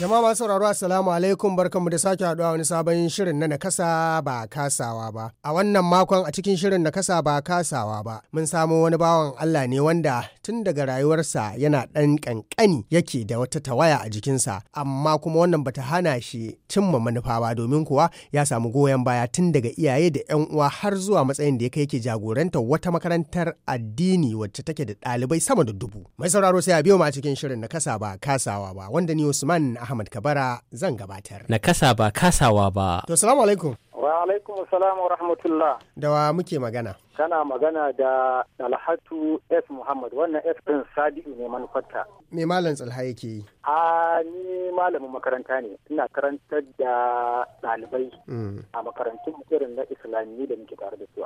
Jama'a masu sauraro Assalamu alaikum barkanmu da sake haɗuwa wani sabon shirin na nakasa ba kasawa ba. A wannan makon a cikin shirin nakasa ba kasawa ba mun samo wani bawan Allah ne wanda tun daga rayuwarsa yana ɗan ƙanƙani yake da wata tawaya a jikinsa amma kuma wannan bata hana shi cimma manufa ba domin kuwa ya samu goyon baya tun daga iyaye da 'yan uwa har zuwa matsayin da ya kai yake jagoranta wata makarantar addini wacce take da ɗalibai sama da dubu. Mai sauraro sai a biyo ma cikin shirin nakasa ba kasawa ba wanda ni Usman Ahmad Kabara zan gabatar. Na kasa ba kasawa ba. To salamu alaikum. Wa alaikum salamu wa rahmatullah. Da wa muke magana? Kana magana da Alhatu S Muhammad wannan S din sadi ne manufarta. Me malam tsalha yake yi? A ni malamin makaranta ne. Ina karantar da ɗalibai mm. a makarantun irin na Islami da muke tare da su.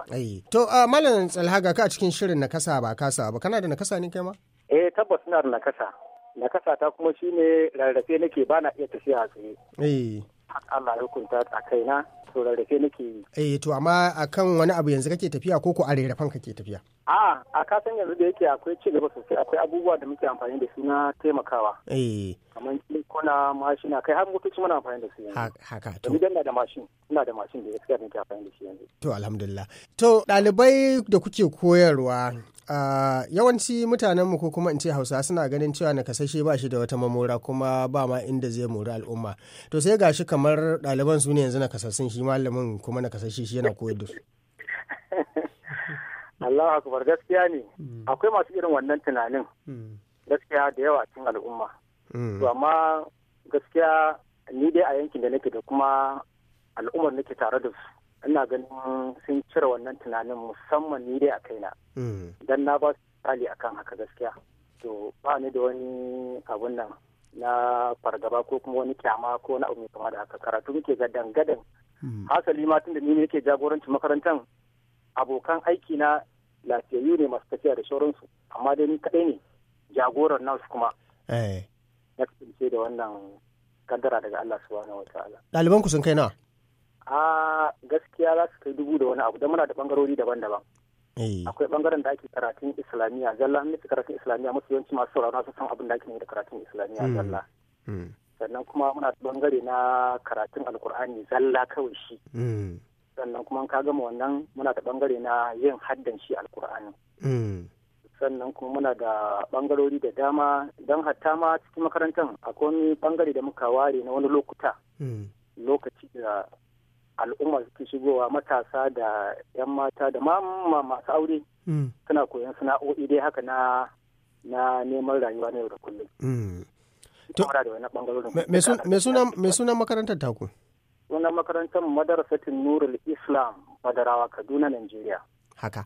To malam tsalha ga ka cikin shirin na kasa ba kasa ba kana da na kasa ne kai ma? Eh tabbas ina da na kasa. na kasa ta kuma shine rarrafe nake ba na iya tafiya a tsaye eh. Allah ya hukunta a kaina to rarrafe nake yi eh to amma akan wani abu yanzu kake tafiya ko ko a rarrafen kake tafiya a a kasan yanzu da yake akwai ci gaba sosai akwai abubuwa da muke amfani da su na taimakawa eh kamar kuna mashina kai har motoci muna amfani da su yanzu haka to idan na da mashin ina da mashin da gaskiya nake amfani da shi yanzu to alhamdulillah to dalibai da kuke koyarwa Uh, yawanci mutanenmu ko kuma in ce hausa suna ganin cewa kasashe ba shi da wata mamora kuma ba ma inda zai mori al'umma to sai gashi kamar ɗaliban su ne yanzu nakasassun shi malamin kuma kasashe shi yana koyar da su Allahu akbar gaskiya ne mm. akwai masu irin wannan tunanin mm. gaskiya da yawa cikin al'umma mm. to amma gaskiya ni dai a yankin da nake da kuma al'ummar nake tare da su ina ganin sun cire wannan tunanin musamman ni dai a kaina dan na ba su tsali akan haka gaskiya to ba ni da wani abun nan na fargaba ko kuma wani kyama ko wani abu mai da haka karatu muke ga dangadan hasali ma tun da ni ne ke jagoranci makarantar abokan aiki na lafiyayyu ne masu tafiya da sauransu amma dai ni kaɗai ne jagoran nasu kuma ya eh. kasance da wannan kaddara daga Allah subhanahu wa ta'ala ɗaliban sun kai na. a gaskiya za su kai dubu da wani abu don muna da bangarori daban-daban eh. akwai bangaren da ake karatun islamiyya zalla an karatun islamiyya masu yawanci masu sauraro su san abin da ake da karatun islamiyya hmm. zalla hmm. sannan kuma muna da bangare na karatun alkur'ani zalla kawai shi hmm. sannan kuma ka gama wannan muna da bangare na yin haddan shi alkur'ani mm. sannan kuma muna da bangarori da dama don hatta ma cikin makarantar akwai wani bangare da muka ware na wani lokuta mm. lokaci da al'umma suke shigowa matasa da 'yan mata da mamma masu aure mm. suna koyon sana'o'i dai haka na na neman rayuwa na yau da kullum. Me sunan makarantar taku? sunan makarantar madarasatin nurul islam madarawa kaduna nigeria haka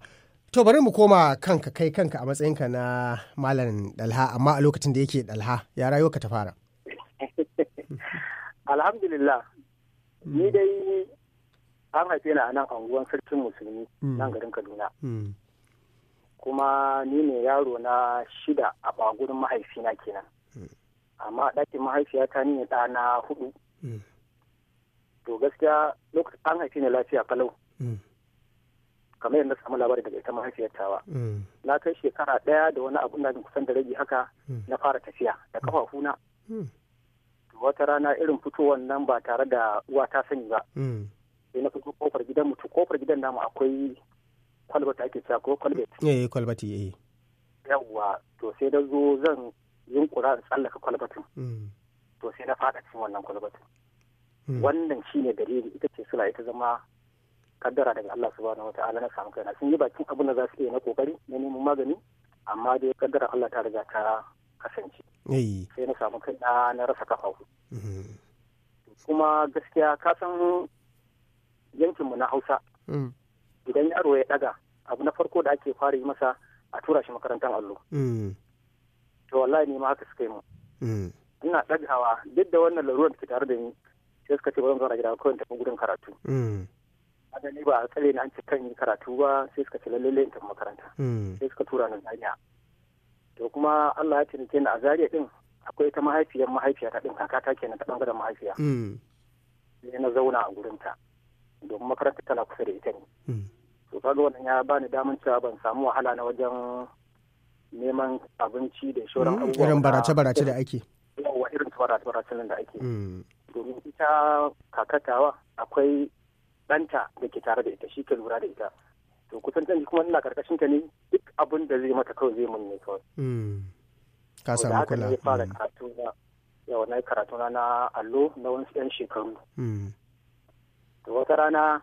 to bari mu koma kanka kai kanka a matsayinka na malam dalha amma a lokacin da yake dalha ya ka ta fara alhamdulillah hmm. ni dai an haife ni a nan anguwan sarkin musulmi hmm. nan garin kaduna hmm. kuma ni ne yaro na shida a bagurin mahaifina kenan amma ɗakin mahaifiyata ni ne ɗana hudu to gaskiya lokacin an haife ni lafiya kalau mm. kamar yadda samu labari daga ita mahaifiyar tawa mm. na kai shekara daya da wani abun na kusan da rage haka mm. na fara tafiya da kafafuna wata rana irin fitowar nan ba tare da uwa ta sani ba sai na fito kofar gidan mutu kofar gidan namu akwai kwalbati ake cewa ko kwalbati eh, eh kwalbati eh yawwa to sai na zo zan yunkura in tsallaka kwalbatin to sai na fada cikin wannan kwalbatin Hmm. wannan shi ne dalili ita ce sula ita zama kaddara daga Allah subhanahu wataala na samu kaina sun yi bakin abin da za su iya na kokari na neman magani amma dai kaddara Allah ta riga ta kasance sai na samu kaina na rasa kafafu hmm. kuma gaskiya ka san yankin mu na Hausa hmm. idan yaro ya daga abu na farko da ake fara yi masa a tura shi makarantar allo to wallahi ne ma haka suka yi mu ina dagawa duk da wannan laruwar da ke tare da ni sai suka ce ba zan zauna gida kawai tafi gudun karatu haka mm. ni ba a tsare na an ci kan yin karatu ba sai suka ce lalle in tafi makaranta mm. sai suka tura ni Zaria to kuma Allah ya taimake ni a Zaria din akwai ta mahaifiyar mahaifiya ta din kakata kenan ta bangaren mahaifiya mm. sai na zauna a gurin ta domin makaranta tana kusa da ita ne to kaga wannan ya bani damar cewa ban samu wahala na wajen neman abinci da shoran abubuwa irin barace-barace da ake Yawwa irin barace-barace da ake ita kakatawa akwai ɗanta da ke tare da ita shi ka lura da ita to kusan ɗan kuma ina karkashin ta ne duk abin da zai mata kawai zai mun ne kawai. Hmm. ka samu kula. Da fara hmm. karatu na yawa na karatu na allo na wani yan shekaru. Hmm. To wata rana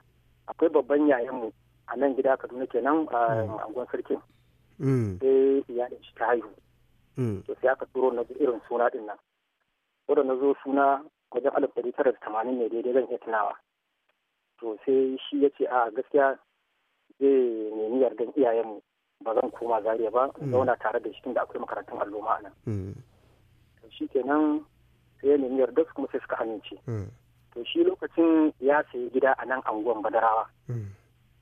akwai babban mu a nan gida Kaduna kenan a angon sarkin. Sai iyalin shi ta haihu. To sai aka turo na irin suna din nan. Ko na zo suna wajen alif ɗari tara da tamanin ne daidai zan iya tunawa to sai shi ya ce a gaskiya zai nemi yardan iyayenmu ba zan koma zariya ba mm. zauna tare da shi da akwai makarantun alluma anan nan mm. shi kenan sai ya nemi yarda kuma sai suka amince mm. to shi lokacin ya sayi gida a nan anguwan badarawa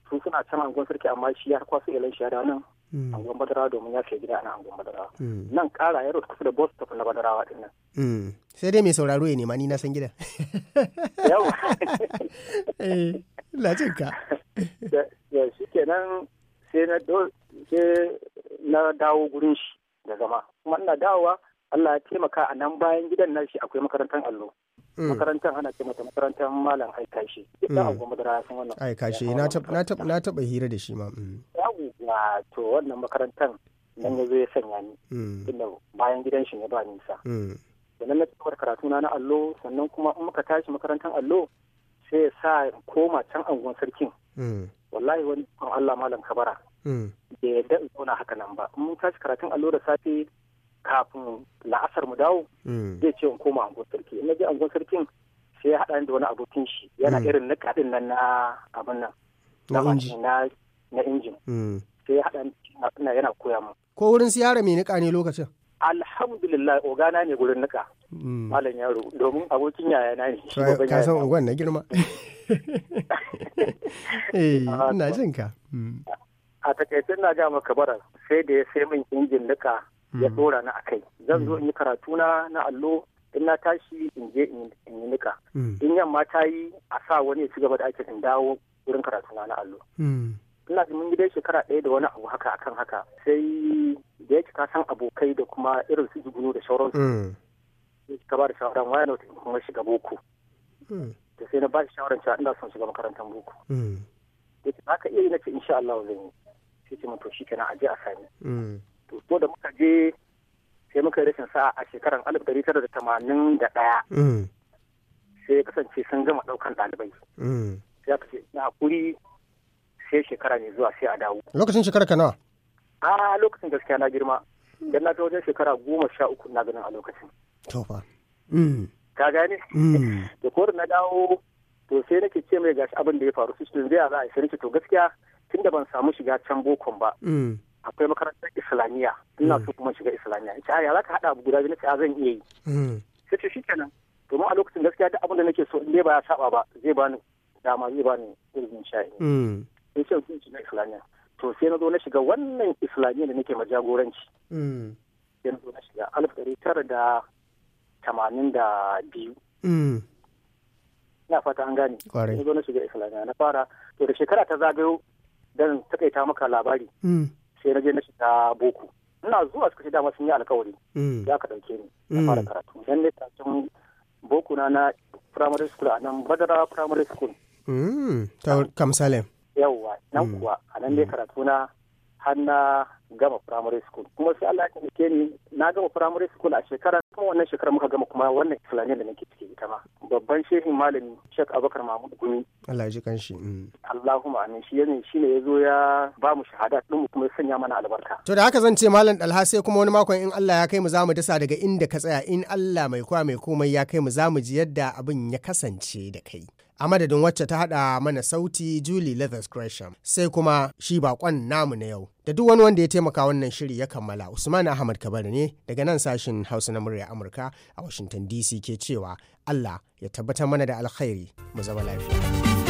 su suna can anguwan sarki amma shi ya kwaso ilan shi ya nan Hmm. angon Badara domin ya ke gida ana angon Badara. Hmm. nan kara ya kusa da bus tafi na badarawa wa dinnan hmm. sai dai mai sauraro ya nema ni na san gida yau eh lajin ka ya shi kenan sai na sai na dawo gurin shi da zama kuma ina dawowa Allah ya taimaka a nan bayan gidan nan shi akwai makarantar allo makarantar ana ce mata makarantar malam aikashi duk Angon Badara ya san wannan aikashi na taba hira da shi ma na to wannan makarantar nan ya zo ya sanya ni inda mm. mm. bayan gidan shi ne ba nisa sannan mm. na tsawar karatu na na allo sannan kuma in muka tashi makarantar allo sai ya sa koma can angon sarkin wallahi wani kan Allah malam kabara da ya daɗa zauna haka nan ba in mun tashi karatun allo da safe kafin la'asar mu dawo zai ce in koma angon sarki in na je angon sarkin sai ya haɗa da wani abokin shi yana irin na kaɗin nan na abin nan na injin na injin sai ya haɗa na yana koya mu. Ko wurin siyara mai niƙa ne lokacin? Alhamdulillah ogana ne gurin niƙa. Hmm. Malam yaro domin abokin yaya na ne. Ka san unguwan na girma. Eh, ina jin ka. Hmm. A takaice na ga maka bara sai da ya sai min injin niƙa ya hmm. ɗora na akai. Zan zo in yi karatu na na allo in na tashi in je in yi niƙa. In yamma ta yi a sa wani ya ci gaba da ake in dawo wurin karatu na na allo. ina da mun dai shekara ɗaya da wani abu haka akan haka sai da ya ka san abokai da kuma irin su jigunu da shauran ya mm. ka ba da shawaran waya na kuma shiga boko mm. da sai na ba shi shawaran cewa ina son shiga makarantar boko mm. ya ke haka iya yi na ce insha Allah zan yi sai ce mun to shi kenan a je a sami to ko da muka je sai muka yi rashin sa'a a shekarar alif dari tara da tamanin da ɗaya sai ya kasance sun gama ɗaukan ɗalibai sai aka ce na hakuri sai shekara ne zuwa sai a dawo. Lokacin shekara ka nawa? A lokacin gaskiya na girma. Idan na ta wajen shekara goma sha uku na ganin a lokacin. To fa. Mm. Ka gane? Mm. Da ko na dawo to sai nake ce mai gashi abin da ya faru su zai za a yi to gaskiya tun da ban samu shiga can bokon ba. Mm. akwai makarantar islamiyya ina so kuma shiga islamiyya in ce ya za ka haɗa abu guda biyu na ce zan iya yi sai ce shi kenan domin a lokacin gaskiya duk abin da nake so in dai ba ya saba ba zai bani dama zai bani irin sha'i ya ce zai na islamiyya to sai na zo na shiga wannan islamiyya da nake majagoranci mm. sai na zo na shiga alif ɗari tara da tamanin da biyu mm. ina fata an gane na zo na shiga islamiyya na fara to da shekara ta zagayo dan takaita maka labari mm. sai na je na shiga boko ina zuwa suka ce dama sun yi alkawari ya ka ɗauke ni na fara karatu dan ne tun boko na na primary school a nan badara primary school Mm, ta kam salem. yawwa nan mm. kuwa a nan dai mm. karatu na har na gama primary school kuma sai Allah ya kike ni na gama primary school a shekara kuma wannan shekara muka gama kuma wannan islamiyya da nake ciki ita ma babban shehin malami Sheikh Abubakar Mahmud Gumi Allah ya ji kanshi mm. Allahumma amin shi ne yazo ya ba mu shahada din mu kuma ya sanya mana albarka to da haka zan ce malam Dalha sai kuma wani makon in Allah ya kai mu zamu dasa daga inda ka tsaya in Allah mai kwa mai komai ya kai mu zamu ji yadda abin ya kasance da kai a madadin wacce ta haɗa mana sauti Julie Leathers Gresham sai kuma shi bakon namu na yau da duk wani wanda ya taimaka wannan shiri ya kammala Usman Ahmad Kabari ne daga nan sashin Hausa na murya Amurka a Washington DC ke cewa Allah ya tabbatar mana da alkhairi mu zama lafiya.